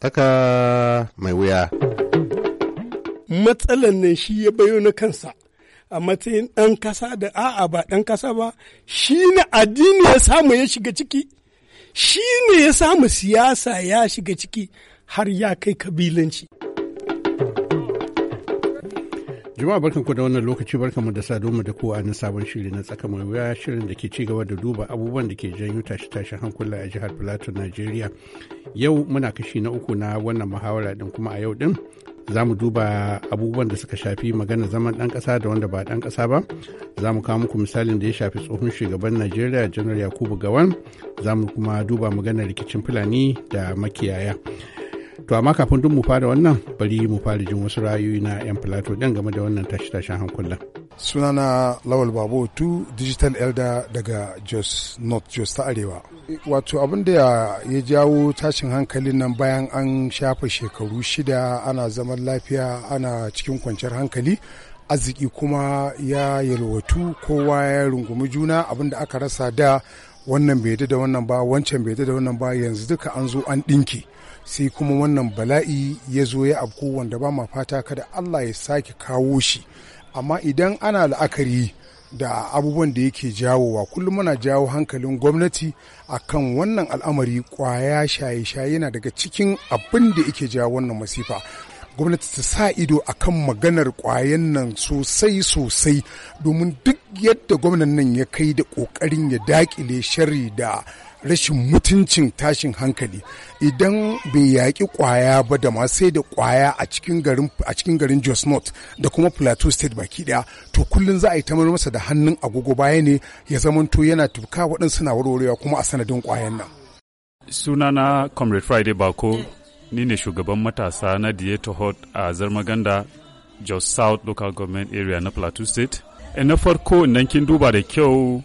tsaka mai wuya. Matsalan nan shi ya bayo na kansa a matsayin ɗan kasa da a'a ba ɗan kasa ba shi ne addini ya samu ya shiga ciki shi ne ya samu siyasa ya shiga ciki har ya kai kabilanci. juma'a barkan ku da wannan lokaci mu da sadu mu da kowa na sabon shiri na tsaka mai wuya shirin da ke cigaba da duba abubuwan da ke janyo tashi tashi hankula a jihar Plateau Najeriya. Yau muna kashi na uku na wannan muhawara din kuma a yau din za mu duba abubuwan da suka shafi magana zaman dan kasa da wanda ba dan kasa ba za mu kawo muku misalin da ya shafi tsohon shugaban najeriya janar yakubu gawan za mu kuma duba magana rikicin fulani da makiyaya to amma kafin duk mu fara wannan bari mu fara jin wasu ra'ayoyi na 'yan filato ɗin game da wannan tashi-tashin hankulan. sunana lawal babu tu digital elder daga jos north jos ta arewa wato abin da ya jawo tashin hankalin nan bayan an shafa shekaru shida ana zaman lafiya ana cikin kwanciyar hankali arziki kuma ya yalwatu kowa ya rungumi juna abin da aka rasa da wannan bai da wannan ba wancan bai da wannan ba yanzu duka an zo an ɗinki sai kuma wannan bala'i ya zo ya afko wanda ba ma fata kada Allah ya sake kawo shi amma idan ana la'akari da abubuwan da yake jawowa kullum muna jawo hankalin gwamnati a kan wannan al'amari kwaya shaye-shaye yana daga cikin abin da yake jawo wannan masifa gwamnati ta sa ido a kan maganar kwayan nan sosai sosai domin duk yadda gwamnan nan ya kai da ƙoƙarin ya dakile shari da rashin mutuncin tashin hankali idan bai yaƙi kwaya ba da masu sai da kwaya a cikin garin Jos North da kuma Plateau State baki daya to kullum za a yi ta masa da hannun agogo baya ne ya zamanto yana tufka waɗansu na warwarewa kuma a sanadin kwayan nan sunana Comrade Friday Bako ni ne shugaban matasa na Dieto Hot a Zarmaganda, Jos South Local Government Area na Plateau State. E na farko nan kin duba da kyau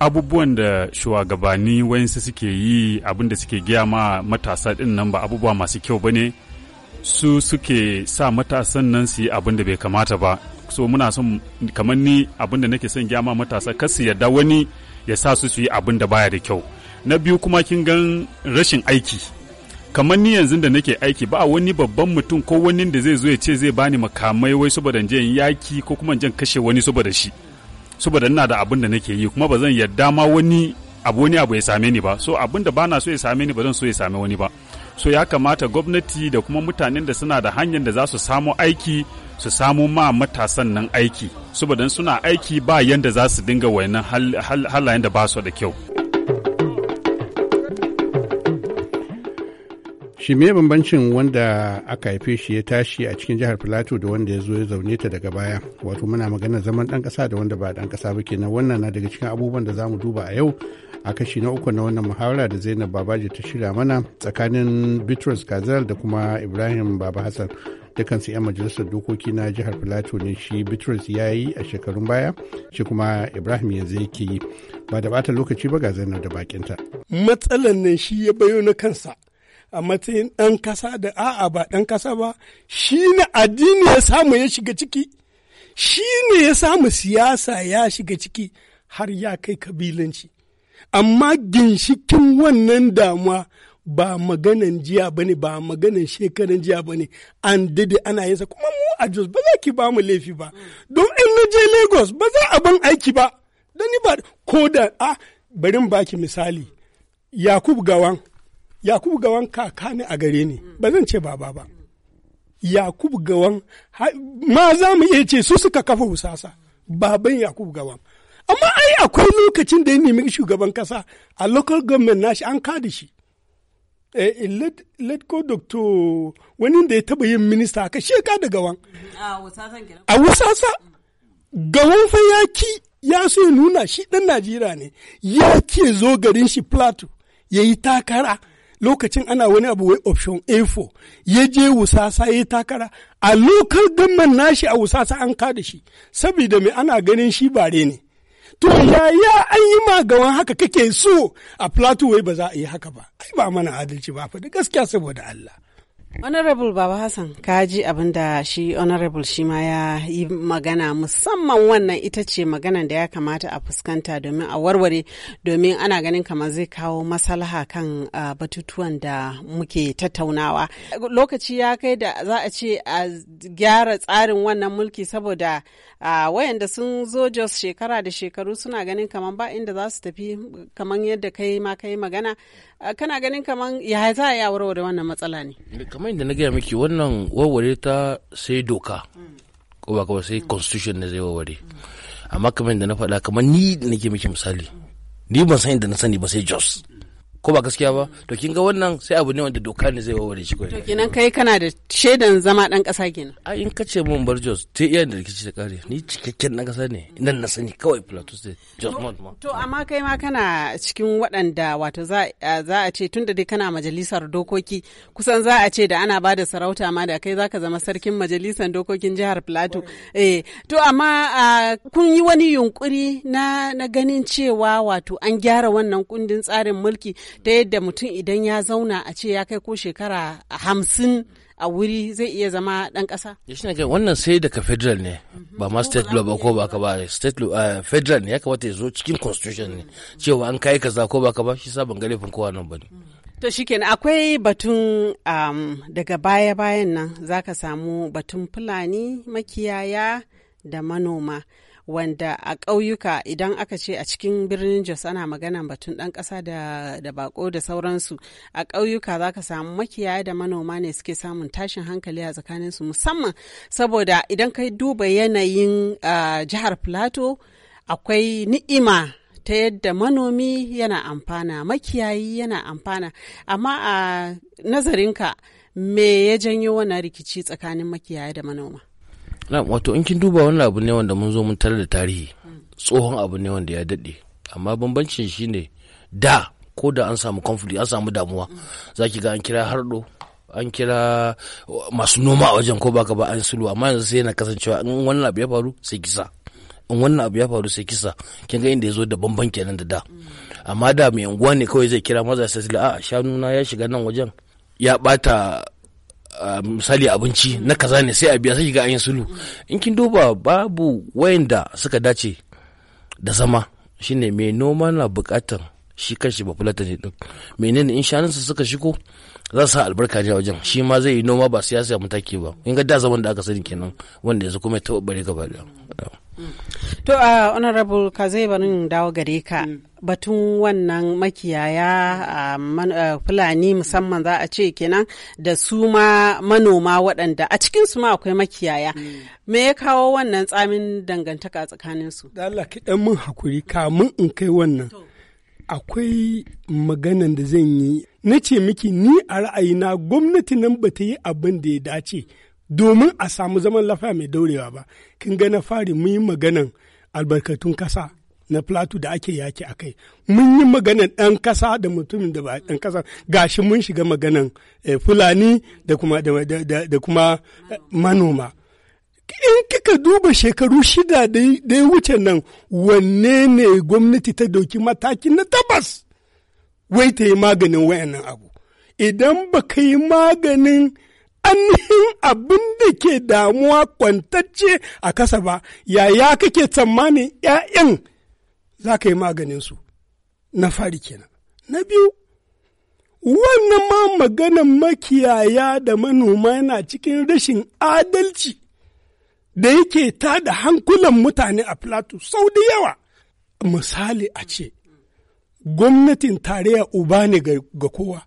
abubuwan da shugabanni wayansu suke yi abin da suke giya ma matasa din nan ba abubuwa masu kyau ba ne su suke sa matasan nan su yi abin da bai kamata ba so muna son kamar ni abin da nake son giya ma matasa kar su yarda wani ya sa su su yi abin da baya da kyau na biyu kuma kin gan rashin aiki kamar ni yanzu da nake aiki ba wani babban mutum ko wani da zai zo ya ce zai bani makamai wai saboda je yaki ko kuma jan kashe wani saboda shi saboda ina da abin da nake yi kuma ba zan yarda ma wani abu wani abu ya same ni ba so abin da bana so ya same ni ba zan so ya same wani ba so ya kamata gwamnati da kuma mutanen da suna da hanyar da za su samu aiki su samu ma matasan nan aiki saboda suna aiki ba yanda za su dinga wayannan halayen da ba su da kyau shi me bambancin wanda aka haife shi ya tashi a cikin jihar filato da wanda ya zo ya zaune ta daga baya wato muna magana zaman dan kasa da wanda ba dan kasa ba kenan wannan na daga cikin abubuwan da zamu duba a yau a kashi na uku na wannan muhawara da zainab babaji ta shirya mana tsakanin bitrus kazal da kuma ibrahim baba hassan dukansu 'yan majalisar dokoki na jihar filato ne shi bitrus ya yi a shekarun baya shi kuma ibrahim yanzu yake yi ba da bata lokaci ba ga zainab da bakinta matsalan nan shi ya bayo na kansa a matsayin ɗan kasa da a'a ba ɗan kasa ba shi ne addini ya samu ya shiga ciki shi ne ya samu siyasa ya shiga ciki har ya kai kabilanci amma ginshikin wannan damuwa ba maganan jiya ba ne ba maganan shekaran jiya ba ne an dade ana yinsa kuma mu a jos ba za ki ba mu laifi ba don in na je lagos ba za a ban aiki ba don ni ba ko da a barin baki misali yakub gawan yakubu gawan kaka ne a gare ni ba zan ce baba ba yakubu gawan ma za mu iya ce su suka kafa husasa baban yakubu gawan amma ai akwai lokacin da ya nemi shugaban kasa a local government nashi an kada shi eh, eh let, go doctor wani da ya taba yin minista aka sheka da gawan a wasasa gawan fa ya ki ya so nuna shi dan najeriya ne ya ke zo garin shi plateau ya yi takara lokacin ana wani abu wai option A4 ya je wusasa ya takara a lokal gamman nashi a wusasa an da shi saboda mai ana ganin shi bare ne to yaya an yi magawan haka kake so a plateau wai ba za a yi haka ba ai ba mana adalci ba fa da gaskiya saboda Allah honorable baba hassan ka ji abin da shi honorable shi ma ya yi magana musamman wannan ita ce maganan da ya kamata a fuskanta domin a warware domin ana ganin kamar zai kawo maslaha kan uh, batutuwan da muke tattaunawa lokaci ya kai da za a ce a gyara tsarin wannan mulki saboda uh, wayanda sun zo jos shekara da shekaru suna ganin kamar ba inda za su tafi kamar yadda kai ma kai magana kana ganin kamar ya za a warware wannan matsala ne kamar yadda na gaya miki wannan warware ta sai doka ko ba kawai sai constitution ne zai warware amma kamar yadda na faɗa kamar ni da nake miki misali ni ban san inda na sani ba sai jos ko ba gaskiya ba to kin ga wannan sai abu ne wanda doka ne zai warware shi to kenan kai kana da shaidan zama dan kasa kenan a in ka ce mun bar Jos te iya da rikici da kare ni cikakken dan kasa ne nan na sani kawai Plateau State Jos mod ma to amma kai ma kana cikin waɗanda wato za a ce tunda dai kana majalisar dokoki kusan za a ce da ana bada sarauta ma da kai zaka zama sarkin majalisar dokokin jihar Plateau eh to amma kun yi wani yunkuri na na ganin cewa wato an gyara wannan kundin tsarin mulki ta yadda mutum idan ya zauna a ce ya kai ko shekara hamsin a wuri zai iya zama ɗan ƙasa. Ya shi ke wannan sai daga federal ne ba ma state law ba ko ba ka ba state law eh, federal ne ya kamata ya zo cikin constitution ne cewa an kai kaza ko ba ka ba shi sabon galifin kowa nan ba ne. To shikenan akwai batun um, daga baya-bayan nan za ka samu batun Fulani makiyaya da manoma. wanda a ƙauyuka idan aka ce a cikin birnin Jos ana magana batun ɗan ƙasa da, da bako da sauransu a ƙauyuka za ka samu makiyaya da manoma ne suke samun tashin hankali a tsakaninsu musamman saboda idan ka duba yanayin jihar Plateau akwai ni'ima ta yadda manomi yana amfana makiyayi yana amfana amma a nazarinka me ya janyo wannan rikici tsakanin makiyaya da manoma? na wato in kin duba wani abu ne wanda mun zo mun tare da tarihi tsohon abu ne wanda ya daɗe amma bambancin shi ne da ko da an samu conflict an samu damuwa za ki ga an kira harɗo an kira masu noma a wajen ko baka ba an sulu amma yanzu sai yana kasancewa in wannan abu ya faru sai kisa in wannan abu ya faru sai kisa kin ga inda ya zo da bamban kenan da da amma da mai unguwa ne kawai zai kira maza sai a shanu na ya shiga nan wajen ya bata Ah, misali abinci na kaza ne sai a biya sai ga an yi sulu in kin duba babu wayanda suka dace da zama shine mai noma na bukatar shi kanshi ba fulata ne din menene in shanunsa suka shigo za su sa albarka ne a wajen shi ma zai yi noma ba siyasa ya mataki ba in ga da zaman da aka sani kenan wanda yanzu kuma ya taɓa bare gaba da to a ah, honorable ka zai barin dawo gare ka mm. batun wannan makiyaya a fulani musamman za a ce kenan da su ma manoma waɗanda a cikin su ma akwai makiyaya hmm. me ya kawo wannan tsamin dangantaka tsakanin su Allah ki dan mun hakuri kamun in kai wannan akwai maganan da zan yi na ce miki ni a ra'ayina gwamnati nan ba ta yi abin da ya dace domin a samu zaman lafiya mai daurewa ba kin ga na fari mu yi maganan albarkatun kasa na plato da ake yaki a kai mun yi maganan ɗan kasa da mutumin da ba ɗan ƙasa gashi mun shiga maganan eh, fulani da kuma eh, manoma in kika duba shekaru shida da ya wuce nan wanne ne gwamnati ta doki mataki na tabbas wai ta yi maganin wayannan abu idan ba ka yi maganin ainihin abin da ke damuwa kwantacce a kasa ba yaya kake tsammanin 'ya'yan za ka yi su na fari kenan. Na biyu, wannan ma maganan makiyaya da manoma yana cikin rashin adalci da yake ta da hankulan mutane a Plateau sau da yawa. Misali a ce, gwamnatin tarayya uba ne ga kowa,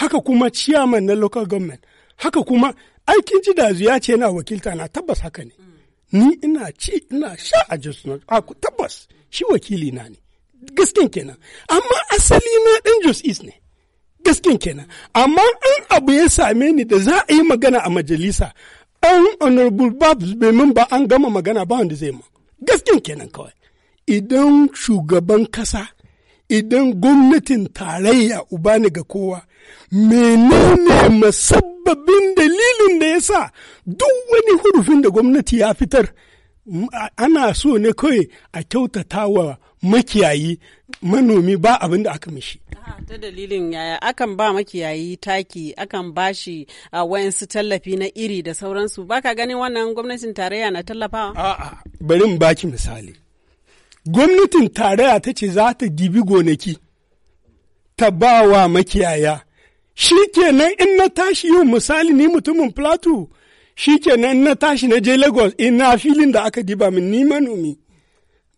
haka kuma ciyaman na local government, haka kuma aikin ji ya ce na wakilta na tabbas haka ne. Ni ina ci ina sha a tabbas. shi wakili na ne gasken kenan amma asali na dan Jos East ne gasken kenan amma an abu ya same ni da za a yi magana a majalisa an honorable babs bai min ba an gama magana ba wanda zai mu gasken kenan kawai idan shugaban kasa idan gwamnatin tarayya uba ne ga kowa menene masabbabin dalilin da ya sa duk wani hurufin da gwamnati ya fitar ana so ne kawai a kyautata wa makiyayi manomi ba abin da aka mishi. ta dalilin yaya akan ba makiyayi taki akan bashi shi a wayansu tallafi na iri da sauransu ba ka ganin wannan gwamnatin tarayya na tallafawa? A'a bari mu baki misali. Gwamnatin tarayya ta ce za ta dibi gonaki ta ba wa makiyaya shi kenan in na tashi yau misali ni mutumin plateau shi kenan na tashi na je lagos ina filin da aka diba min ni manomi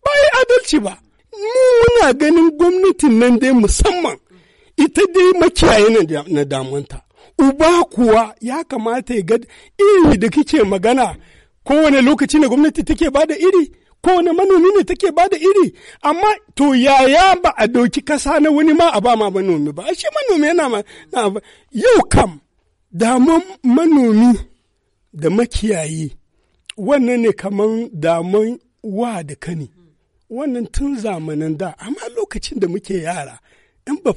ba yi adalci ba mu muna ganin gwamnatin nan dai musamman ita dai makiyaye na damanta uba kuwa ya kamata ya ga iri da kike magana kowane lokaci na gwamnati take bada iri kowane manomi ne take bada iri amma to yaya ba a ɗauki kasa na wani ma a ba ma manomi ba shi manomi yana ma yau kam daman manomi da makiyayi wannan ne kaman daman wa da kani wannan tun zamanin da amma lokacin da muke yara in ba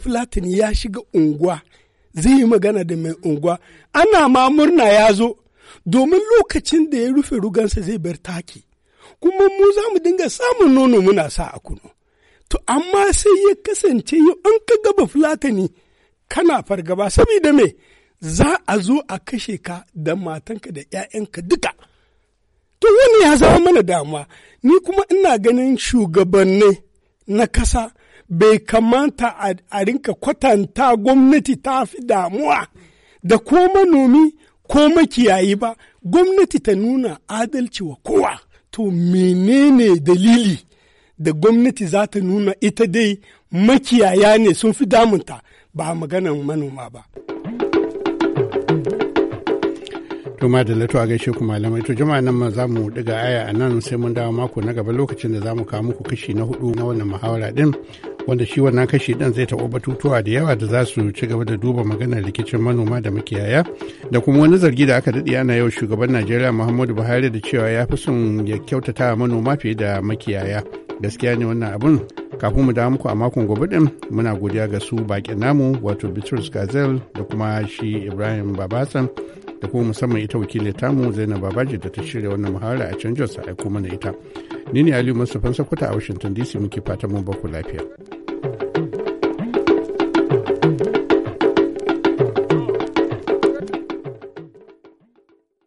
ya shiga unguwa zai yi magana da mai unguwa ana ma murna ya zo domin lokacin da ya rufe rugansa zai bar taki kuma mu za mu dinga samun nono muna sa a kunu to amma sai ya kasance yau an ka gaba fulatani kana fargaba saboda me za a zo a kashe ka da matanka da 'ya'yanka duka to wani ya zama mana damuwa ni kuma ina ganin shugabanni na kasa bai kamata a rinka kwatanta gwamnati ta fi damuwa da ko manomi ko makiyayi ba gwamnati ta nuna adalci wa kowa to menene dalili da gwamnati za ta nuna ita dai makiyaya ne sun fi damunta ba maganan manoma ba. Tuma da latu a gaishe ku malamai to jama'a nan ma za mu ɗiga aya a nan sai mun dawo mako na gaba lokacin da za mu kawo muku kashi na hudu na wannan muhawara din wanda shi wannan kashi ɗin zai taɓa batutuwa da yawa da za su ci gaba da duba maganar rikicin manoma da makiyaya da kuma wani zargi da aka daɗe ana yau shugaban najeriya muhammadu buhari da cewa ya fi son ya kyautata manoma fiye da makiyaya gaskiya ne wannan abun kafin mu dawo muku a makon gobe din muna godiya ga su bakin namu wato bitrus gazel da kuma shi ibrahim babasan da kuma musamman ita wakilin tamu zainab babaji da ta shirya wannan muhawara a can jos a aiko mana ita ni ne aliyu mustapha kuta a washington dc muke fatan mun baku lafiya